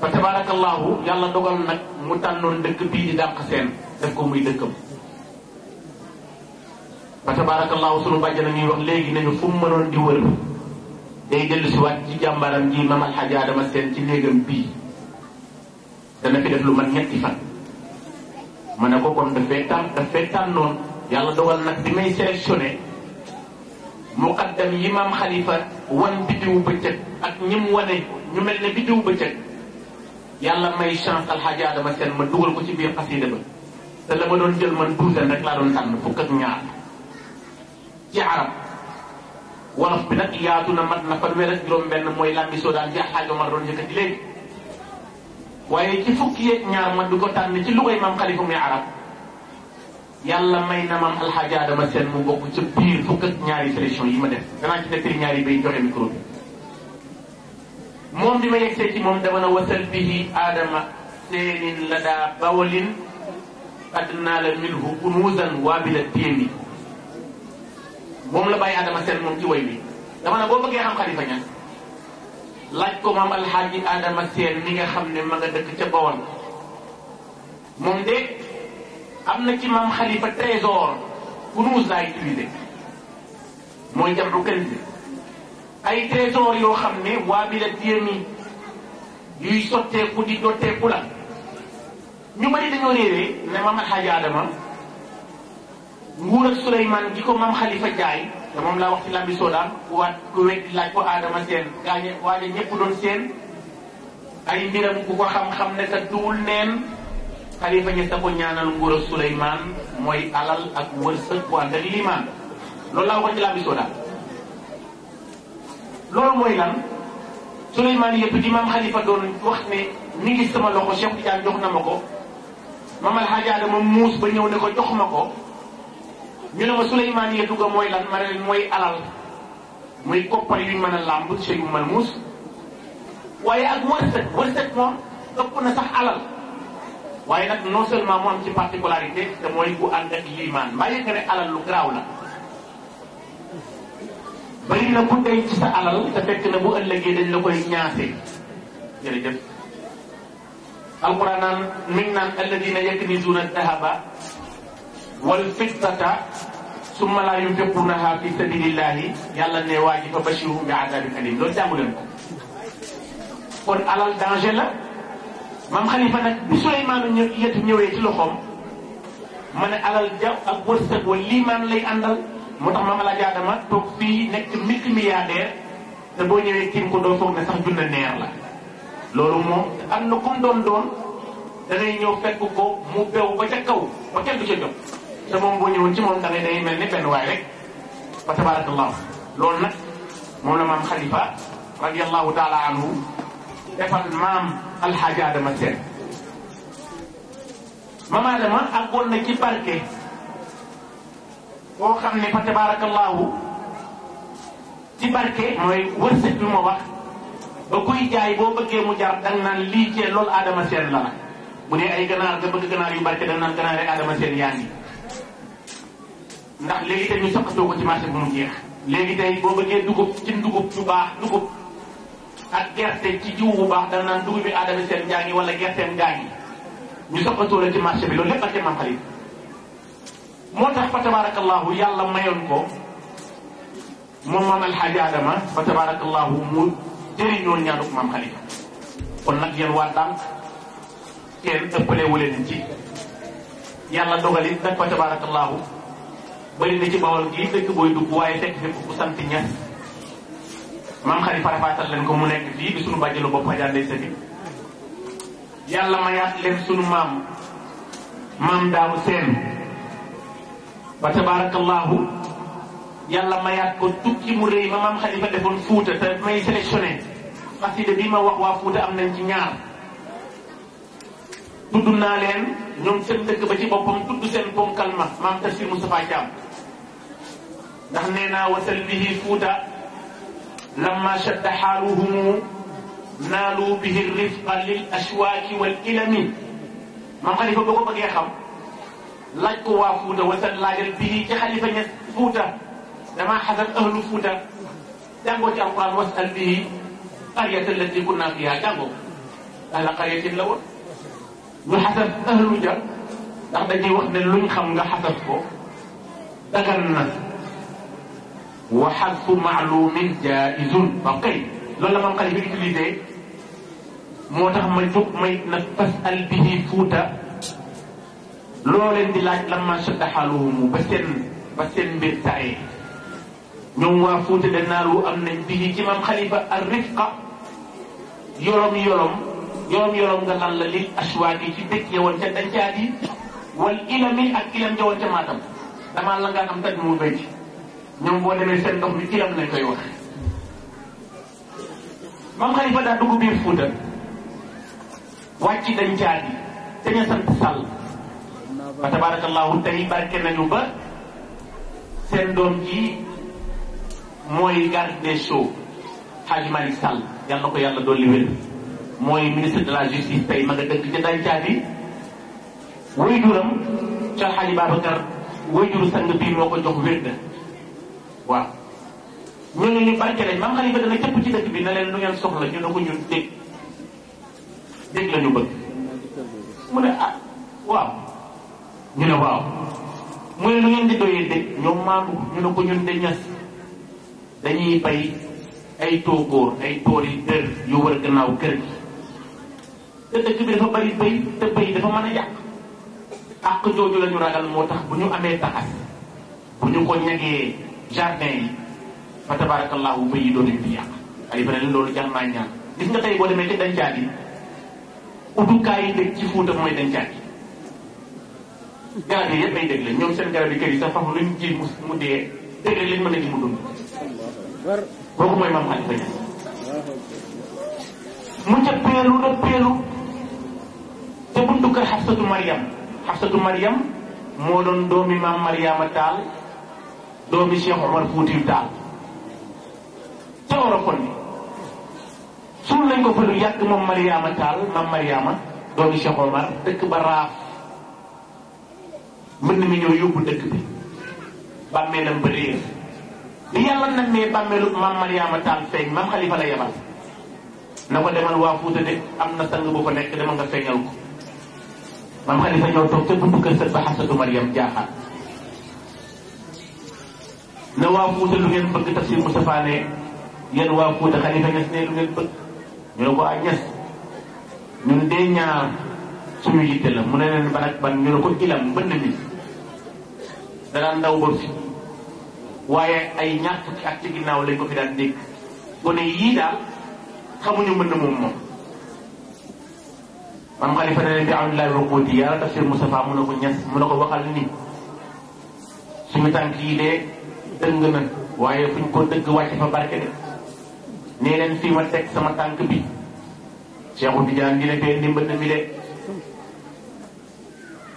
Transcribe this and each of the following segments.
fa tabaarakallaahu yàlla dogal nag mu tànnoon dëkk bii di dàq seen def ko muy dëkkam fa tabaarakallaahu sunu bàjjana ñuy wax léegi nañu fu mënoon di wër day dellu si ci jàmbaram ji maam alxaaji Adama seen ci néegam bii dana fi def lu man ñetti fan ma ne ko kon dafay tànn dafay tànnoon yàlla dogal nag bi may sélectionné muqaddam yi maam xalifa wan biddiwu bëccëg ak ñim wane ñu mel ne biddiwu bëccëg yàlla may chance alxaaji Adama Sène ma dugal ko ci biir xasida ba te ma doon jël man douzaine rek laa doon tànn fukk ak ñaar ci arab wolof bi nag yaatu na mat na fanweer ak juróom mooy làmbi soo daan jaaxaaj Omar doon yëkkati léegi waaye ci fukki yeeg ñaar man du ko tànn ci lu koy maam xalifa muy arab yàlla may na maam alxaaji Adama Sène mu bokk ca biir fukk ñaari sélection yi ma def danaa ci nekkil ñaari bay joxe micro moom bi ma yegsee ci moom dama na wasal bihi aadama seenin la daa bawalin adnaa la minhu kunuusan waabila téemi moom la bàyyi aadama seen moom ci way wi dama na boo bëggee xam xalifa ña laaj ko maam alxaaji aadama seen mi nga xam ne ma nga dëkk ca bawal moom de am na ci maam xalifa trésor kunuus laa utilisé mooy jam lu kenn ay trésor yoo xam ne waa bi la diyami yuy sotteeku di dotteeku la ñu bari dañoo réeree ne maam Alxaaji Adama nguur ak Souleymane gi ko maam Khalifa jaay te moom laa wax ci lambi soodaan waat ku wekk laaj ko Adama seen gaañe waaye ñëpp doon seen ay mbiram ku ko xam-xam ne sa duwul neen Khalifa ñi sa ko ñaanal nguur ak mooy alal ak wërsëg bu ànd ak limaan laa wax ci lambi soodaan loolu mooy lan Souleymane yëpp di maam Khalifa doon wax ni ngi sama loxo Cheikh Tidiane jox na ma ko maam Alxaaji Adama muus ba ñëw ne ko jox ma ko ñu ne ma Souleymane yëpp dugga mooy lan ma ne leen mooy alal muy koppar yuñ mën a làmb sëy mu mën muus waaye ak wërsëg wërsëg moom ëpp na sax alal waaye nag non seulement mu ci particularité te mooy bu ànd ak liimaan maa yëg ne alal lu garaaw la bari na ku denc sa alal te fekk na bu ëllëgee la koy ñaase jërëjëf alquran naan mi ngi naan alladina yaknizuna wal fiddata summa la fi sabilillahi yàlla ne waa fa bashirhum bi alal danger la maam nag bi Suleymaanu ñëw yetu ñëwee ci loxoom ma ne alal jaw ak wërsëg wa liimaan lay moo tax maam Alaaji Adama toog fii nekk multimilliardaire te boo ñëwee tiim ko doo foog ne sax junne neer la loolu moom am na kum doon doon da ngay ñëw fekk ko mu bew ba ca kaw ba kenn du ca jóg te moom boo ñëwoon ci moom da ngay day mel ni benn waay rek fa tabarakallah loolu nag moom la maam xalifa radiallahu taala anhu defal maam alxaaji Adama Sène maam Adama àggoon na ci barke koo xam ne fa tabaarakallaahu ci barke mooy wërsëg bi ma wax ba kuy jaay boo bëggee mu jar dang naan lii cee lool aadama seen la la bu dee ay ganaar nga bëgg ganaar yu barke dang naan ganaar yi aadama seen yaa ngi ndax léegi tey ñu soqatoo ko ci marché bu mu jeex léegi tey boo bëggee dugub ci dugub bu baax dugub ak gerte ci jiw bu baax dang naan dugub bi aadama seen gaa ngi wala gerte gaa ngi ñu soqatoo la ci marché bi loolu lépp ak te mam moo tax fa tabarakallahu yàlla mayoon ko moom maam alxaaji adama fa tabarakallahu mu jëriñoon ñaanuk maam xalifa kon nag yéen waa dànk kenn ëppale wu leen ci yàlla dogali nag fa tabarakallahu bëri na ci bawal gii dëkk booy dugg waaye fekk fi ku sant ña maam xalifa rafaatal leen ko mu nekk fii bi sunu bàjjëlu bopp ajaa ndey sëbi yàlla mayaat leen sunu maam maam daaw seen وتبارك الله يلا ما يكو توكي موري ما مام خليفة دفون فوتة تب ماي سيليكشوني باسي دبي ما واق واق فوتة أم نانتي نيار تدو نالين نيوم سن دك بجي بوبم تدو سن بوم كلمة مام تسير مصطفى جام دهنينا وصل به فوتة لما شد حالهم نالوا به الرفق للأشواك والإلمين مام خليفة بقو بقي خم laaj ko waa Fuuta wasan laajal bii ci xalifa ñes Fuuta damaa xasal ahlu Fuuta jàngoo ci alquran wasal bii qaryata allati kunna fiha jàngoo ala qaryatin la woon lu xasal ahlu ja ndax dañuy wax ne luñ xam nga xasal ko dagan na wa xasfu maalumin jaizun ba kay loolu la man xalifa utilisé moo tax ma jóg may na fasal bihi Fuuta loo leen di laaj lan maa shadda xaaluhumu ba seen ba seen mbir taye ñoom waa Fuuta Danaaru am nañ bii ci maam xalifa ar rifqa yolom yolom yolom nga lan la li ashwaat yi ci dëkk yowoon ca dancaat wal ilami ak ilam jawoon ca maatam damaa la ngaa am taj mu bëy ñoom boo demee seen ndox mi ilam lañ koy wax maam xalifa daa dugg biir Fuuta wàcc dancaat yi daña sant sàll fa tabarakallahu tey barke nañu ba seen doom ji mooy garde des sceaux Hadj Malick Sall yàlla ko yàlla dolli wér mooy ministre de la justice tey ma nga dëkk ca dancaabi way juram ca Hadj Babacar way juru sang bii moo ko jox wér na waaw ñooñu ñu barke lañ maam xalifa dana cëpp ci dëkk bi na leen lu ngeen soxla ñu ne ko ñun dégg dégg la bëgg mu ne ah waaw ñu ne waaw mu ne nu ngeen di doyee de ñoom maandu ñu ne ko ñun de ñas dañuy bay ay toogóor ay tool yi dër yu wër gannaaw kër gi te dëkk bi dafa bari bay te bay dafa mën a yàq àq jooju lañu ragal moo tax bu ñu amee taxas bu ñu ko ñagee jardin yi fa tabarakallahu bay yi doon di yàq ay loolu jàmm naa ñaan gis nga tey boo demee ci dencaat yi utukaay yi dëkk ci Fuuta mooy dencaat yi ñaar yi yëpp ay dégg lañ ñoom seen garab yi kër yi sax fam luñ ji mu dee dégg lañ mën a ji mu dund kooku mooy maam xalifa ñi mu ca peelu da peelu te buntu kër xafsatu mariam xafsatu mariam moo doon doomi maam mariama taal doomi cheikh omar fuutiyu taal ca oropon bi suul nañ ko fa lu yàgg moom mariama taal maam mariama doomi cheikh omar dëkk ba raaf mën mi ñëw yóbbu dëkk bi bàmmeelam ba réer bi yàlla nag ne bàmmeelu maam Mariama Tall feeñ maam Xalifa la yebal na ko demal waa de am na sang bu fa nekk demal nga feeñal ko maam Xalifa ñëw toog ca buntu kër sët ba Xasatu Mariam jaaxaat na waa Fuuta bëgg Tafsir Moustapha ne yéen waa Fuuta Ñas ne lu bëgg ñu ne ko ah Ñas ñun dee ñaar suñu yitte la mu ne leen ban ban ñu ne ko ilam mbënn mi danaan ndaw ba fi waaye ay ñaar fukki at ci ginnaaw lañ ko fi daan dégg gone yii daal xamuñu mën na moom moom maam xalifa ne leen bi amdullahi ruquudi yàlla tafsir Moustapha mun na ko ñes mun na ko waxal ni suñu tànk yi dee dëng na waaye fuñ ko dëgg wàcce fa barke de nee leen fii ma teg sama tànk bi Cheikhu Tidiane dina bee ndimbal na mi de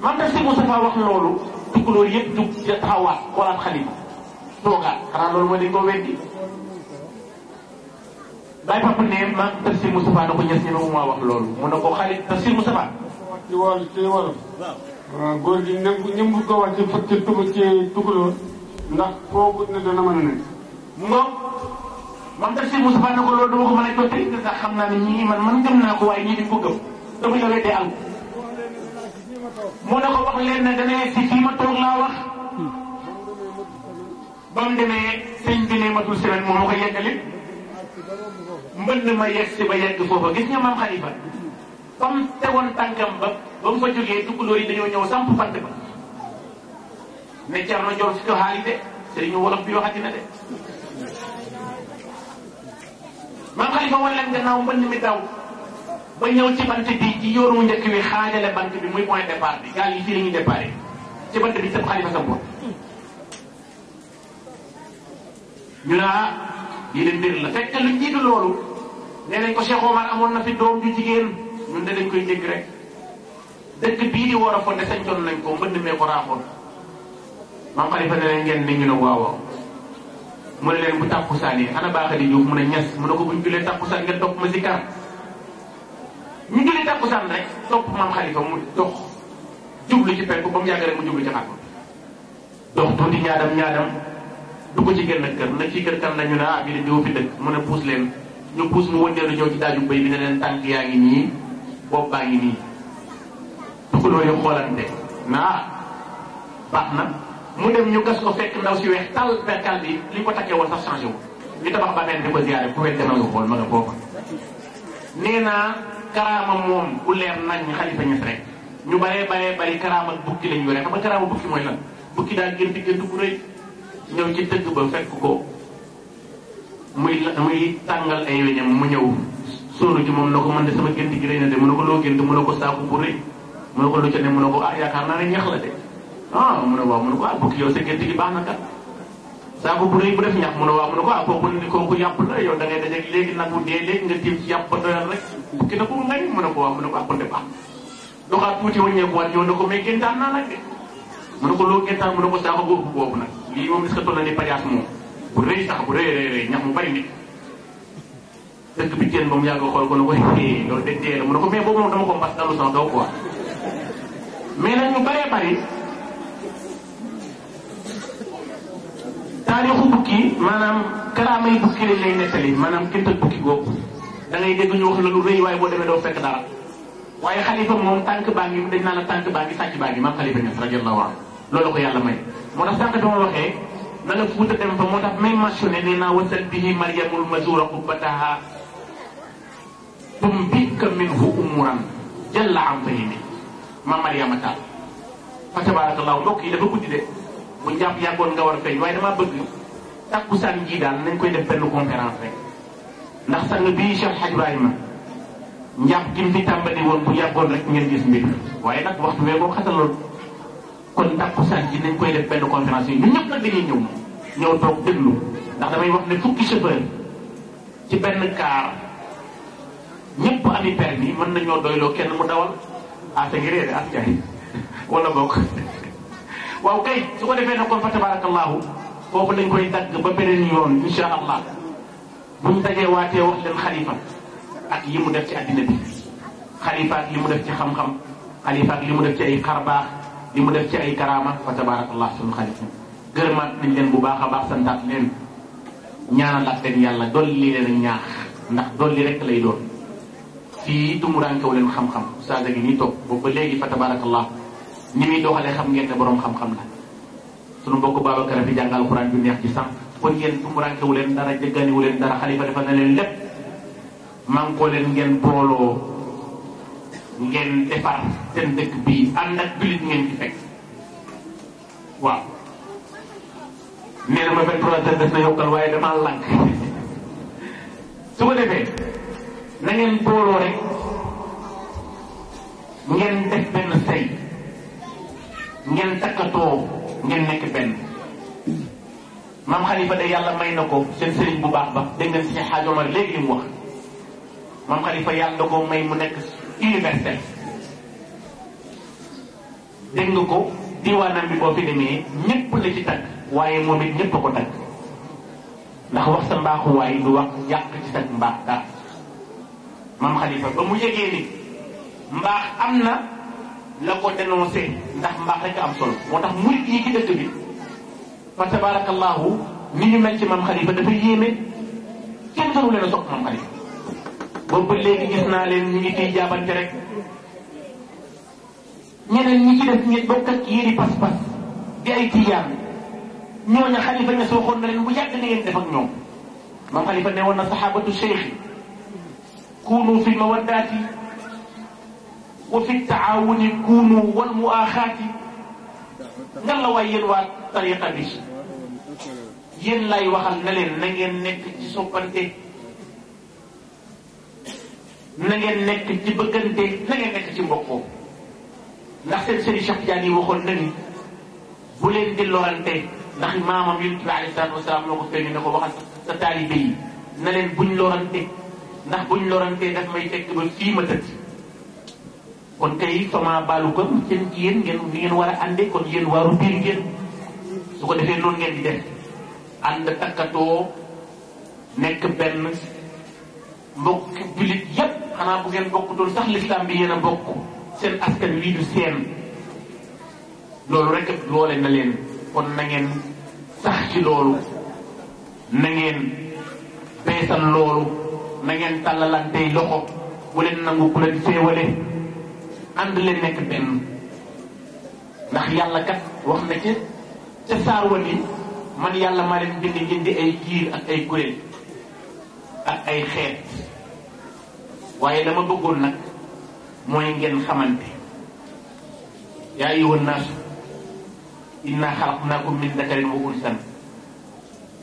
maam tafsir Moustapha wax loolu tukulóor yëpp jug ja taxawaat xoolaat xalima toogaat xanaa loolu moo di ko weddi bàyyi papa ne ma Tafsir Moustapha na ko ñes ñeme maa wax loolu mun na ko xalit Tafsir Moustapha ci wàllu ci wàllu waaw góor gi ñëpp ñëpp ko wax ci ci ci tukulóor ndax foogut ne dana mën a nekk moom moom Tafsir Moustapha na ko loolu dama ko mën a jottali ndax xam naa ne ñii man man gëm naa ko waaye ñii dañ ko gëm dama yore dee àll mu ne ko wax leen ne dana si fii ma toog laa wax ba mu demee sëñ bi ne matul semaine moo ma ko yeggali mbënd ma yegg ba yegg foofa gis nga maam xalifa ba mu tegoon tànkam ba ba mu fa jógee tukulóor yi dañoo ñëw samp fant ba ne Cerno Joor si ko xaali de sëriñu wolof bi waxati na de maam xalifa wan leen gannaaw mbënd mi daw ba ñëw ci bant bi ci yoonu njëkk wi xaajale bant bi muy point départ bi gaal yi fii la ñuy départ ci bi sëb xalifa sampoon ñu naa ah, lii leen mbir la fekk lu jiitu loolu nee nañ ko Cheikh Omar amoon na fi doom ju jigéen ñun koy dégg rek dëkk bii di war a fonde sañcoon nañ ko mbënd mee ko raaxoon maam xalifa ne leen ngeen ni ñu ne waawaaw mu ne leen bu tàkkusaanee ana baaxali Diouf mu ne ñes mu ne ko buñ julee tàkkusaan ngeen topp ma si kar julli eh? rek topp maam xalifa mu dox jublu ci penku ba mu mu jublu ci xàkku dox tuuti ñaadam ñaadam dugg ci genn kër na ci kër kan la ñu ne ah bi dañu mu ne puus leen ñu puus mu wëndeelu ñëw ci daaju bay bi ne leen tànk yaa ngi nii bopp baa ngi nii duguloo yu xoolante naa mu dem ñu gas ko fekk ndaw tal perkal bi li ko sax wu li tabax ba di ko ku ma nga karaama moom ku leer nañ xalifa ñes rek ñu baree baree bari karaama bukki lañu yore xam nga karaama bukki mooy lan bukki daal génti géntu bu rëy ñëw ci tëgg ba fekk ko muy muy tàngal ay weñam mu ñëw sóoru ci moom na ko mën de sama gént gi rëy na de mu ne ko loo gént mu ne ko saaku bu rëy mu ne ko lu ne mu ne ko ah yaakaar naa ne ñax la de ah mu ne waaw mu ne ko ah bukki yow sa gént gi baax na sangu bu rëy bu def ñax mu ne waaw mu ne ko ah kooku kooku yàpp la yow da ngay dajeeg léegi nag bu dee léegi nga tim ci yàpp ba doyal rek bukki na ko ngay mu ne ko waaw mu ne ko ah ba do baax tuti tuuti wàññeeku waat ñëw ne ko mais géntaan naa nag de mu ne ko loo géntaan mu ne ko saako boobu boobu nag li moom est-ce que na ni pajaas mo bu rëy sax bu rëy rëy rëy ñax mu bari nit dëkk bi teen mom mu yàgg xool ko ne ko loolu de dee la mu ne ko mais boobu dama ko mbass dalu sama kaw quoi mais nag ñu bari bari taarixu bukki maanaam karaamay bukki lañ lay nettali maanaam kéntal bukki googu da ngay dégg wax la rëy waaye boo demee doo fekk dara waaye xalifa moom tànk baa ngi dañ naa la tànk baa ngi sàcc baa ngi maam xalifa Ñas radiyallahu anhu loolu ko yàlla may moo tax sànq bi ma waxee na la fuuta dem fa moo tax may mentionné ne wasal bihi maryamul mazura qubbataha tum bika minhu umuran jalla am fayini ma maryama fa tabarakallahu mbokk yi dafa guddi de buñ jàpp yàggoon nga war a feeñ waaye damaa bëgg takkusaan jii daal nañ koy def benn conférence rek ndax sang bii Cheikh Hadj Ibrahima njàpp gi mu fi tàmbali woon bu yàggoon rek ngeen gis mbir waaye nag waxtu wee boo xataloon kon takkusaan ji nañ koy def benn conférence yi ñun ñëpp nag dañuy ñëw ñëw toog déglu ndax damay wax ne fukki chauffeur ci benn kaar ñëpp ami permis mën nañoo doyloo kenn mu dawal ah te ngi réere ah jaay wala bokk waaw kay su ko defee nag kon fa tabaarakallaahu kooku lañ koy dagg ba beneen yoon insha allah buñ dajee waatee wax leen xalifa ak yi mu def ci àddina bi xalifa ak li mu def ci xam-xam xalifa ak li mu def ci ay xarbaax li mu def ci ay karaama fa tabaarakallah suñu xalifa gërëmaat nañ leen bu baax a baax santaat leen ñaanalaat leen yàlla dolli leen ak ndax dolli rek lay doon tumuraanke tumuraankew leen xam-xam saa gi nii toog boobu ba fa tabaarakallah ni muy doxalee xam ngeen ne borom xam-xam la sunu mbokk Babacar fi jàng alxuraan bi neex ci sànq kon yéen tumurànkewu leen dara jëgganiwu leen dara xalifa defal na leen lépp mànkoo leen ngeen booloo bi ànd ak jullit ngeen def na yokkal waaye damaa lànk su ko defee na booloo rek ngeen def benn say ngeen takkatoo ngeen nekk benn maam xalifa day yàlla may na ko seen sëriñ bu baax ba dégg ngeen si xaaj omar léegi li mu wax maam xalifa yàlla da may mu nekk universel dégg nga ko diwaanam bi boo fi demee ñëpp la ci tagg waaye moom it ñëpp ko tagg ndax wax sa mbaaxuwaay du wax yàq ci sa mbaax daal maam xalifa ba mu yëgee ni mbaax am na la ko dénoncé ndax mbaax rek am solo moo tax murit yi ci dëkk bi fa tabarakallahu ni ñu mel ci mam xalifa dafa yéeme kenn xaru leen a sopp mam xalifa gis naa leen ñu ngi ciy ñeneen ñi ci leen bu yàgg na ngeen def ñoom mam xalifa ne woon na sahabatu cheikh fi mawaddaati وفي التعاون كونوا والمؤاخاة نالا نعم. واي يلوا طريقة بيش لا يوحل نلين نجن نك تسوكنتي نجن نك تبقنتي نجن نك تسوكو نحسن سري شخص جاني وخل نجن بولين دي لورانتي نحن ماما ميلت عليه الصلاة والسلام لو كنتي نكو بخل ستالي بي نلين بون لورانتي نح بون ما يتكبر فيما تتسوكو kon kay fama baalukum seen yéen ngeen ngeen war a ànde kon yéen waaru biir ngeen su ko defee noonu ngeen def ànd takkatoo nekk benn mbokk jullit yépp xanaa bu ngeen bokkutoon sax l'islam bi yéen a bokk seen askan wii du seen loolu rek loole na leen kon na ngeen sax ci loolu na ngeen loolu na ngeen tàllalantey loxo bu leen nangu ku leen féewale ànd leen nekk benn ndax yàlla kat wax na ca ca saar wa ni man yàlla maa leen bind ngeen di ay giir ak ay kuréel ak ay xeet waaye dama bëggoon nag mooy ngeen xamante yaa ayyuha naasu inna xalaqnaakum min dakarin wa unsan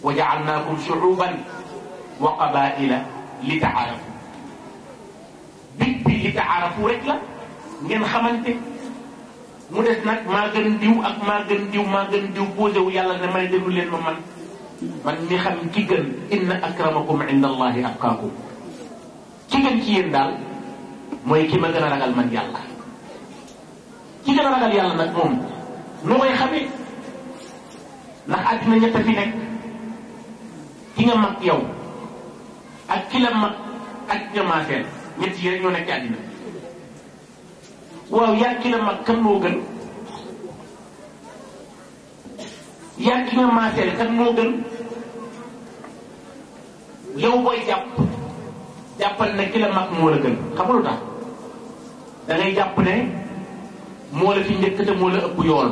wa jaalnaakum shuuban wa qabaila li taarafu bit bi li taarafu rek la ngeen xamante mu des nag maa gën diw ak maa gën diw maa gën diw posé yàlla ne ma déglu leen ma man man mi xam ki gën inna akramakum inda allahi atqaakum ki gën ci yéen daal mooy ki ma gën ragal man yàlla ki gën ragal yàlla nag moom nu koy xamee ndax àddina ñett a fi ki nga mag yow ak ki la mag ak ki nga maaseel ñett yi rek ñoo nekk ci àddina waaw yaa ki la mag kan moo gën yaa ki nga maaseel kan moo gën yow booy jàpp jàppal ne ki moo la gën xam tax da jàpp ne moo la fi njëkk te moo la ëpp yool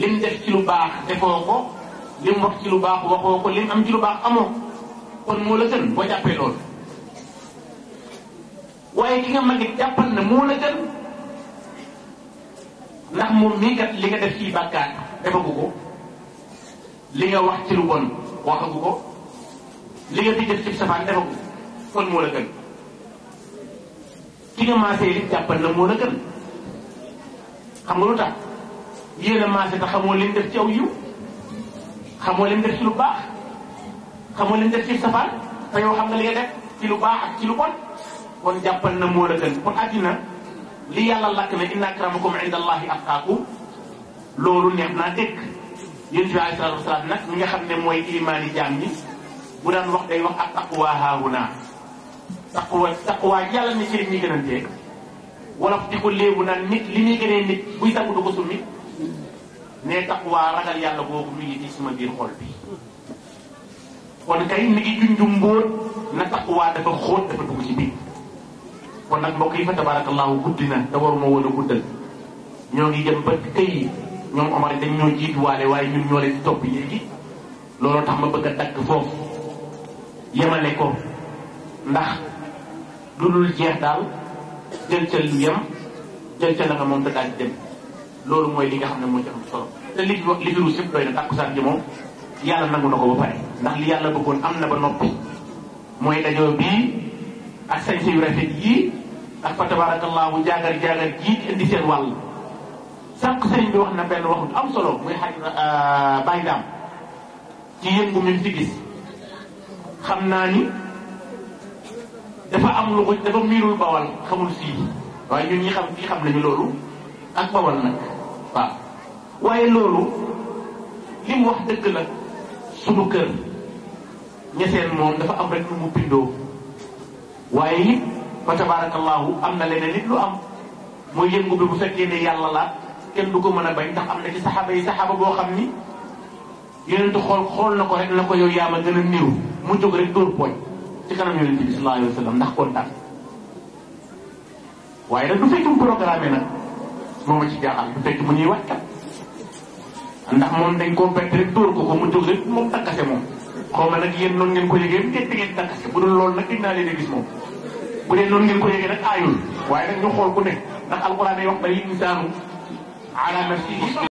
lim def ci baax defoo ko lim wax ci lu baax waxoo ko lim am ci amoo kon moo la gën boo jàppee loolu waaye ki nga mën di jàppal na moo la gën ndax moom mii kat li nga def ciy bàkkaar defagu ko li nga wax ci lu bon waxagu ko li nga fi def ci safaan defagu kon moo la gën ki nga maasee li jàppal na moo la gën xam nga lu tax yéen a maase te xamoo leen def ci aw yiw xamoo leen def ci lu baax xamoo leen def ci safaan te yow xam nga li nga def ci lu baax ak ci lu bon kon jàppal na moo la gën bu àddina li yàlla lakk ne inna akramakum inda allahi atqaakum loolu neex naa dégg yéen bi alayhi salaatu wasalaam nag mi nga xam ne mooy imaani jaam ñi bu daan wax day wax ak taqwa haahuna taqwa taqwa yàlla ni ci li ñuy gënantee wolof di ko léebu naan nit li muy gënee nit buy sangu du ko summi ne taqwa ragal yàlla boobu mi ngi ci suma biir xol bi kon kay mi ngi junju mbóot na taqwa dafa xóot dafa dugg ci biir kon nag mbokk yi fa tabarakallahu guddi na te waruma woon a guddal ñoo ngi dem ba tey ñoom Omar dañ ñoo jiituwaale waaye ñun ñoo leen topp léegi tax ma bëgg a dagg foofu yemale ko lu dul jeex daal jël ca lu yem jël ca la nga moom dem loolu mooy li nga xam ne moo ci am solo te li li fi ruus yëpp doy na tàkkusaan ji moom yàlla nangu na ko ba pare ndax li yàlla bëggoon am na ba noppi mooy dajoo bii ak sañ yu rafet yii ak fa tabaarakallaahu jaagar jaagar jiit indi seen wàll sànq sëriñ bi wax na benn waxu am solo muy xaj euh, bàyyi daam ci yëngu mi fi gis xam naa ni dafa am lu ko dafa miirul bawal xamul fii waaye ñun ñi xam fii xam nañu loolu ak bawal nag waaw waaye loolu li wax dëgg la sunu kër ñeseen moom dafa am rek lu mu bindoo waaye it fa tabaarakallaahu am na leneen nit lu am mooy yëngu bi bu fekkee ne yàlla la kenn du ko mën a bay ndax am na ci saxaaba yi saxaaba boo xam ni yeneen xool xool na ko rek na ko yow yaa ma gën a mu jóg rek dóor poñ ci kanam yonent bi sallallahu alayhi wa sallam ndax kontaan waaye nag du fekkum programme nag moom a ci ñuy wàccat ndax moom dañ koo bett rek dóor ko ko mu jóg rek moom takkase moom xaw ma nag yéen noonu ngeen ko yëgee ngeen di ngeen takkase bu dul loolu nag dinaa leen a gis moom bu dee noonu ngeen ko yëgee nag aayul waaye nag ñu xool ku ne ndax alquran day wax bal insaanu ala nafsihi